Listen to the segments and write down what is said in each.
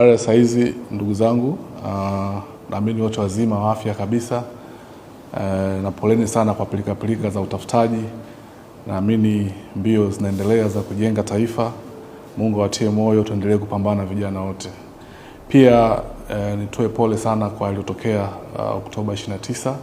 Hali ya saa hizi ndugu zangu, ah, naamini wote wazima wa afya kabisa Uh, na poleni sana kwa pilikapilika za utafutaji. Naamini mbio zinaendelea za kujenga taifa. Mungu awatie moyo, tuendelee kupambana vijana wote. Pia uh, nitoe pole sana kwa yaliyotokea ah, Oktoba 29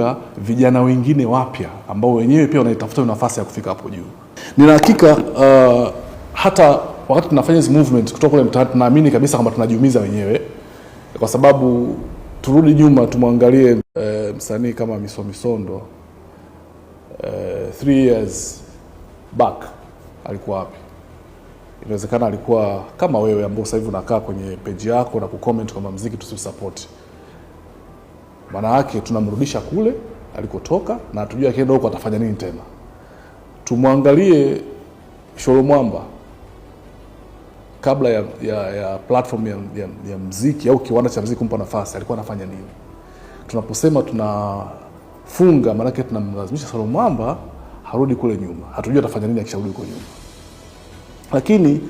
kuwafunga vijana wengine wapya ambao wenyewe pia wanaitafuta nafasi ya kufika hapo juu. Nina hakika uh, hata wakati tunafanya hizi movement kutoka kule mtaani, tunaamini kabisa kwamba tunajiumiza wenyewe, kwa sababu turudi nyuma tumwangalie uh, msanii kama Miso Misondo uh, three years back alikuwa wapi? Inawezekana alikuwa kama wewe ambao sasa hivi unakaa kwenye peji yako na kucomment kwamba mziki tusiusapoti maana yake tunamrudisha kule alikotoka, na tujue akienda huko atafanya nini tena. Tumwangalie Sholo Mwamba kabla ya, ya, ya platform ya, ya, ya mziki au kiwanda cha mziki kumpa nafasi, alikuwa anafanya nini? Tunaposema tunafunga, maanake tunamlazimisha Sholo Mwamba harudi kule nyuma, hatujui atafanya nini akisharudi huko nyuma. Lakini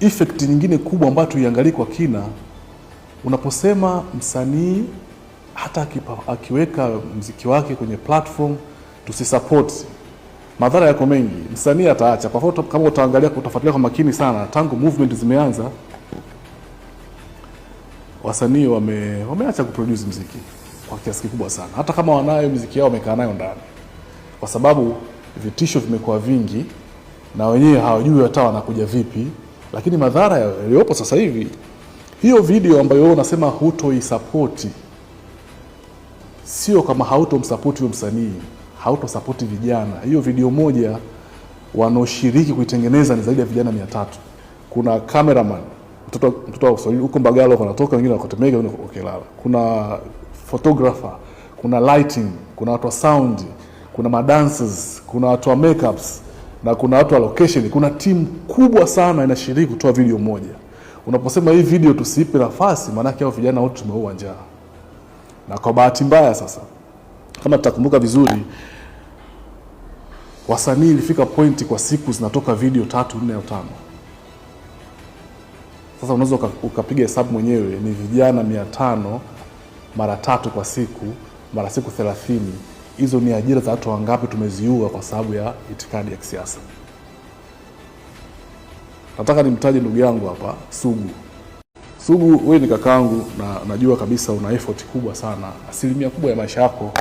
effect nyingine kubwa ambayo tuiangalie kwa kina, unaposema msanii hata akiweka mziki wake kwenye platform tusisupport, madhara yako mengi, msanii ataacha. Kwa hivyo kama utaangalia, utafuatilia kwa makini sana, tangu movement zimeanza wasanii wame, wameacha kuproduce mziki kwa kiasi kikubwa sana, hata kama wanayo mziki yao wamekaa nayo ndani, kwa sababu vitisho vimekuwa vingi na wenyewe hawajui hata wanakuja vipi. Lakini madhara yaliyopo sasa hivi, hiyo video ambayo unasema hutoisapoti sio kama hautomsapoti huyo msanii, hautosapoti vijana. Hiyo video moja wanaoshiriki kuitengeneza ni zaidi ya vijana mia tatu. Kuna cameraman mtoto mtoto wa Kiswahili huko Mbagala wanatoka wengine wako Temeke, wengine wako Kilala. Kuna photographer, kuna lighting, kuna watu wa sound, kuna madancers, kuna watu wa makeups na kuna watu wa location. Kuna timu kubwa sana inashiriki kutoa video moja. Unaposema hii video tusiipe nafasi, maana hao vijana wote tumeua njaa. Na kwa bahati mbaya sasa, kama tutakumbuka vizuri, wasanii ilifika pointi kwa siku zinatoka video tatu nne au tano. Sasa unaweza ukapiga hesabu mwenyewe, ni vijana mia tano mara tatu kwa siku mara siku thelathini. Hizo ni ajira za watu wangapi tumeziua kwa sababu ya itikadi ya kisiasa? Nataka nimtaje ndugu yangu hapa Sugu. Sugu, wewe ni kakaangu na najua kabisa una effort kubwa sana. Asilimia kubwa ya maisha yako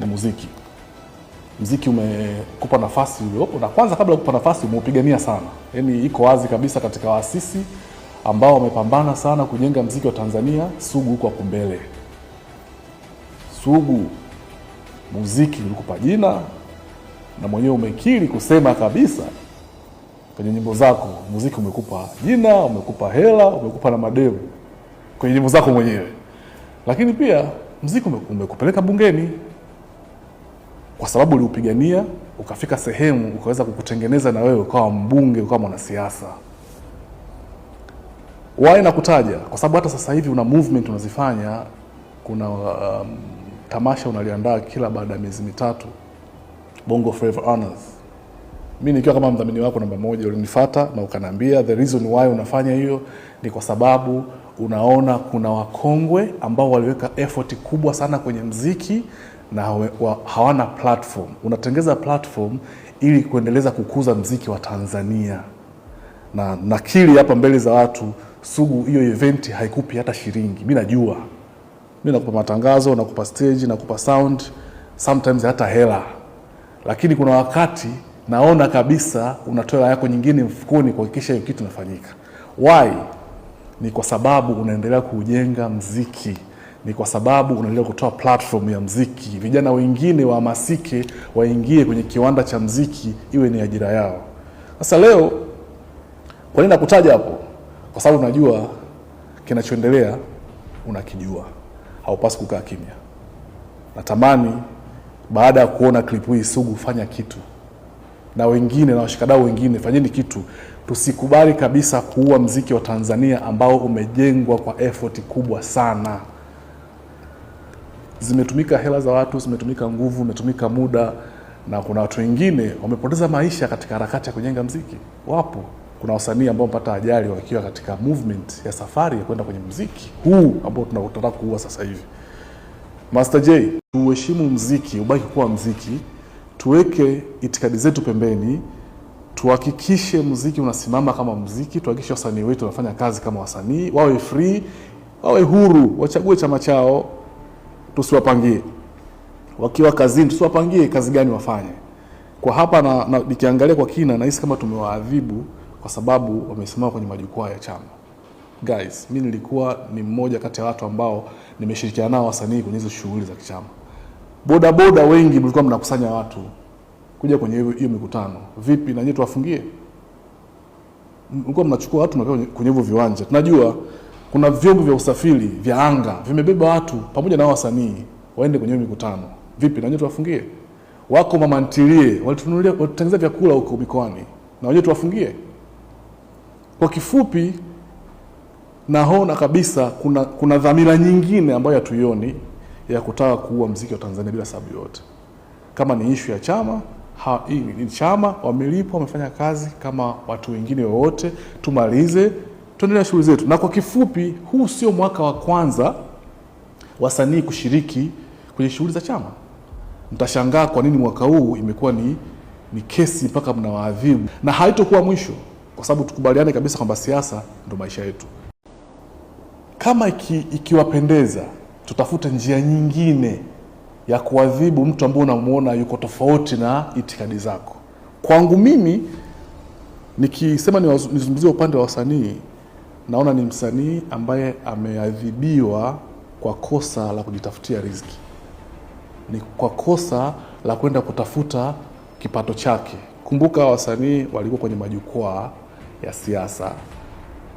ni muziki. Muziki umekupa nafasi uliopo, na kwanza kabla kupa nafasi umeupigania sana, yaani iko wazi kabisa katika waasisi ambao wamepambana sana kujenga muziki wa Tanzania. Sugu huko hapo mbele. Sugu, muziki ulikupa jina na mwenyewe umekiri kusema kabisa kwenye nyimbo zako. Muziki umekupa jina, umekupa hela, umekupa na madevu kwenye nyimbo zako mwenyewe, lakini pia muziki umekupeleka bungeni kwa sababu uliupigania ukafika sehemu ukaweza kukutengeneza na wewe ukawa mbunge ukawa mwanasiasa. Why nakutaja? Kwa sababu hata sasa hivi una movement unazifanya. Kuna um, tamasha unaliandaa kila baada ya miezi mitatu, Bongo Flava Honors mi nikiwa kama mdhamini wako namba moja, ulinifata na ukanaambia the reason why unafanya hiyo ni kwa sababu unaona kuna wakongwe ambao waliweka effort kubwa sana kwenye mziki na hawana platform. Unatengeza platform ili kuendeleza kukuza mziki wa Tanzania, na nakili hapa mbele za watu, Sugu, hiyo event haikupi hata shilingi. Mi najua, mi nakupa matangazo, nakupa stage, nakupa sound, sometimes hata hela, lakini kuna wakati naona kabisa unatoa hela yako nyingine mfukoni kuhakikisha hiyo kitu inafanyika. Why? Ni kwa sababu unaendelea kuujenga mziki, ni kwa sababu unaendelea kutoa platform ya mziki, vijana wengine wahamasike, waingie kwenye kiwanda cha mziki, iwe ni ajira yao. Sasa leo, kwa nini nakutaja hapo? Kwa sababu unajua kinachoendelea, unakijua, haupasi kukaa kimya. Natamani baada ya kuona klipu hii, Sugu, fanya kitu na wengine na washikadau wengine, fanyeni kitu. Tusikubali kabisa kuua mziki wa Tanzania ambao umejengwa kwa effort kubwa sana. Zimetumika hela za watu, zimetumika nguvu, umetumika muda, na kuna watu wengine wamepoteza maisha katika harakati ya kujenga mziki. Wapo, kuna wasanii ambao wamepata ajali wakiwa katika movement ya safari ya kwenda kwenye mziki huu ambao tunataka kuua sasa hivi. Master J, tuheshimu mziki, ubaki kuwa mziki tuweke itikadi zetu pembeni, tuhakikishe muziki unasimama kama muziki, tuhakikishe wasanii wetu wanafanya kazi kama wasanii, wawe free, wawe huru, wachague chama chao, tusiwapangie. Wakiwa kazini, tusiwapangie kazi gani wafanye. Kwa hapa na, na nikiangalia kwa kina, nahisi kama tumewaadhibu kwa sababu wamesimama kwenye majukwaa ya chama. Guys, mimi nilikuwa ni mmoja kati ya watu ambao nimeshirikiana nao wasanii kwenye hizo shughuli za kichama bodaboda wengi mlikuwa mnakusanya watu kuja kwenye hiyo mikutano, vipi na nyinyi tuwafungie? Mlikuwa mnachukua watu mnakaa kwenye hivyo viwanja. Tunajua kuna vyombo vya usafiri vya anga vimebeba watu pamoja na wasanii waende kwenye hiyo mikutano, vipi na nyinyi tuwafungie? Wako mama ntilie walitununulia walitengeneza vyakula huko mikoani, na wenyewe tuwafungie? Kwa kifupi, naona kabisa kuna kuna dhamira nyingine ambayo hatuioni ya kutaka kuua mziki wa Tanzania bila sababu yoyote. Kama ni ishu ya chama ha, hii, ni chama wamelipwa, wamefanya kazi kama watu wengine wowote, tumalize tuendelee shughuli zetu. Na kwa kifupi, huu sio mwaka wa kwanza wasanii kushiriki kwenye shughuli za chama. Mtashangaa kwa nini mwaka huu imekuwa ni, ni kesi mpaka mnawaadhibu, na haitokuwa mwisho, kwa sababu tukubaliane kabisa kwamba siasa ndo maisha yetu. Kama iki, ikiwapendeza tutafute njia nyingine ya kuadhibu mtu ambaye unamuona yuko tofauti na itikadi zako. Kwangu mimi nikisema nizungumzie upande wa wasanii, naona ni msanii ambaye ameadhibiwa kwa kosa la kujitafutia riziki, ni kwa kosa la kwenda kutafuta kipato chake. Kumbuka wasanii walikuwa kwenye majukwaa ya siasa,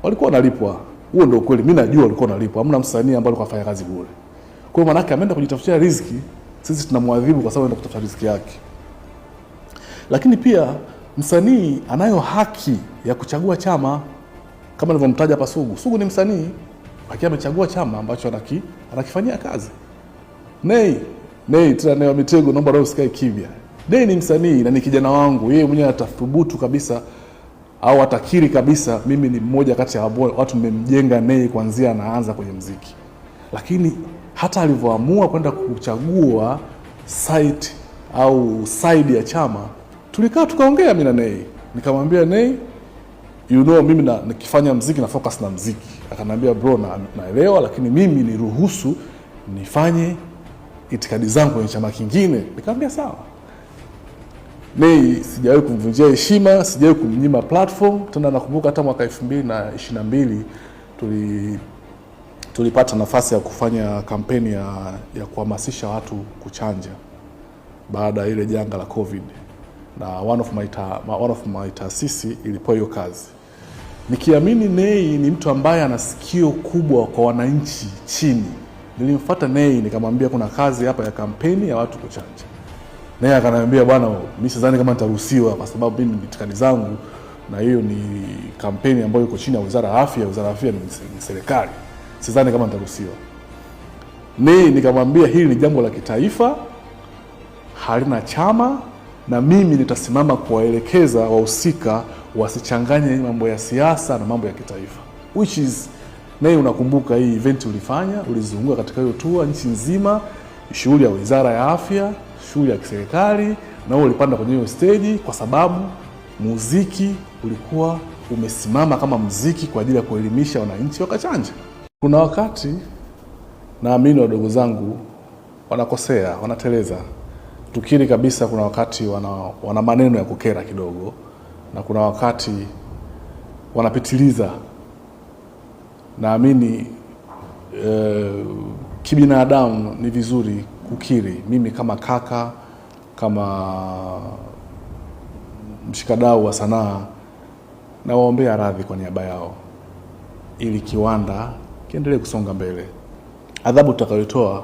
walikuwa wanalipwa huo ndio kweli. Mimi najua walikuwa wanalipwa. Hamna msanii ambaye alikuwa afanya kazi bure. Kwa maana yake ameenda kujitafutia riziki, sisi tunamwadhibu kwa sababu anaenda kutafuta riziki yake. Lakini pia msanii anayo haki ya kuchagua chama kama nilivyomtaja hapa Sugu. Sugu ni msanii akiwa amechagua chama ambacho anaki, anakifanyia kazi. Nei, Nei tena Nei wa Mitego, naomba roho sikae kimya. Nei ni msanii na ni kijana wangu, yeye mwenyewe atathubutu kabisa au atakiri kabisa, mimi ni mmoja kati ya watu nimemjenga nei kwanzia anaanza kwenye mziki. Lakini hata alivyoamua kwenda kuchagua site au side ya chama, tulikaa tukaongea mimi na Nei, nikamwambia Nei, you know, mimi na, nikifanya mziki na focus na mziki. Akaniambia bro, na, naelewa lakini mimi niruhusu nifanye itikadi zangu kwenye chama kingine. Nikamwambia sawa. Nay sijawahi kumvunjia heshima, sijawahi kumnyima platform. Tena nakumbuka hata mwaka 2022 tuli tulipata nafasi ya kufanya kampeni ya, ya kuhamasisha watu kuchanja baada ya ile janga la COVID, na one of my ta, one of my taasisi ilipo hiyo kazi, nikiamini Nei ni mtu ambaye ana sikio kubwa kwa wananchi chini. Nilimfuata Nei nikamwambia kuna kazi hapa ya kampeni ya watu kuchanja naye akaniambia, bwana, mimi sidhani kama nitaruhusiwa kwa sababu mimi ni itikadi zangu, na hiyo ni kampeni ambayo iko chini ya Wizara ya Afya. Wizara ya Afya ni serikali, sidhani kama nitaruhusiwa. Ni nikamwambia hili ni jambo la kitaifa, halina chama, na mimi nitasimama kuwaelekeza wahusika wasichanganye mambo ya siasa na mambo ya kitaifa, which is naye, unakumbuka hii event ulifanya, ulizunguka katika hiyo tour nchi nzima, shughuli ya Wizara ya Afya shule ya kiserikali na wewe ulipanda kwenye hiyo stage kwa sababu muziki ulikuwa umesimama kama muziki kwa ajili ya kuelimisha wananchi wakachanja. Kuna wakati naamini wadogo zangu wanakosea, wanateleza. Tukiri kabisa, kuna wakati wana, wana maneno ya kukera kidogo, na kuna wakati wanapitiliza. Naamini eh, kibinadamu ni vizuri kukiri, mimi kama kaka, kama mshikadau wa sanaa, nawaombea radhi kwa niaba yao ili kiwanda kiendelee kusonga mbele. Adhabu tutakayotoa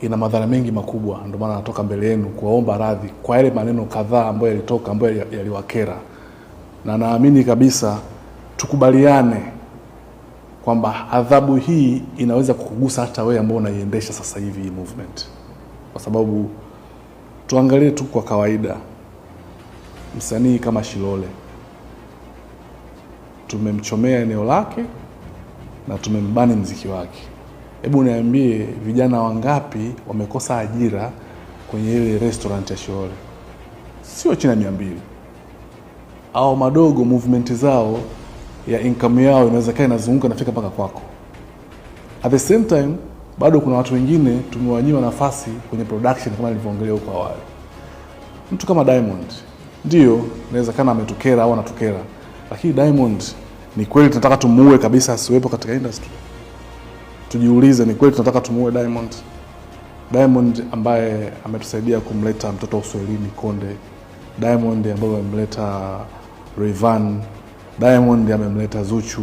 ina madhara mengi makubwa, ndio maana natoka mbele yenu kuwaomba radhi kwa yale maneno kadhaa ambayo yalitoka, ambayo yaliwakera, na naamini kabisa tukubaliane kwamba adhabu hii inaweza kukugusa hata wewe ambao unaiendesha sasa hivi movement kwa sababu tuangalie tu kwa kawaida, msanii kama Shilole tumemchomea eneo lake na tumembani mziki wake. Hebu niambie vijana wangapi wamekosa ajira kwenye ile restaurant ya Shilole? Sio chini ya mia mbili. Au madogo movement zao ya income yao inaweza inazunguka nafika mpaka kwako. At the same time bado kuna watu wengine tumewanyima nafasi kwenye production kama nilivyoongelea huko awali. Mtu kama Diamond ndio inawezekana ametukera au anatukera, lakini Diamond ni kweli tunataka tumuue kabisa asiwepo katika industry? Tujiulize, ni kweli tunataka tumuue Diamond? Diamond ambaye ametusaidia kumleta mtoto wa Uswahilini Konde, Diamond ambaye amemleta Rayvanny, Diamond amemleta Zuchu,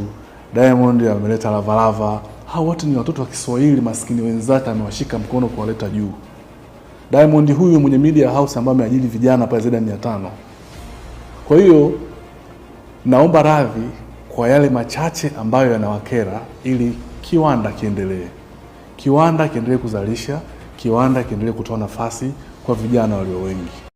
Diamond ameleta Lavalava hawa watu ni watoto wa Kiswahili maskini wenzake, amewashika mkono kuwaleta juu. Diamond huyu mwenye media house ambaye ameajili vijana pale zaidi ya mia tano. Kwa hiyo naomba radhi kwa yale machache ambayo yanawakera, ili kiwanda kiendelee, kiwanda kiendelee kuzalisha, kiwanda kiendelee kutoa nafasi kwa vijana walio wengi.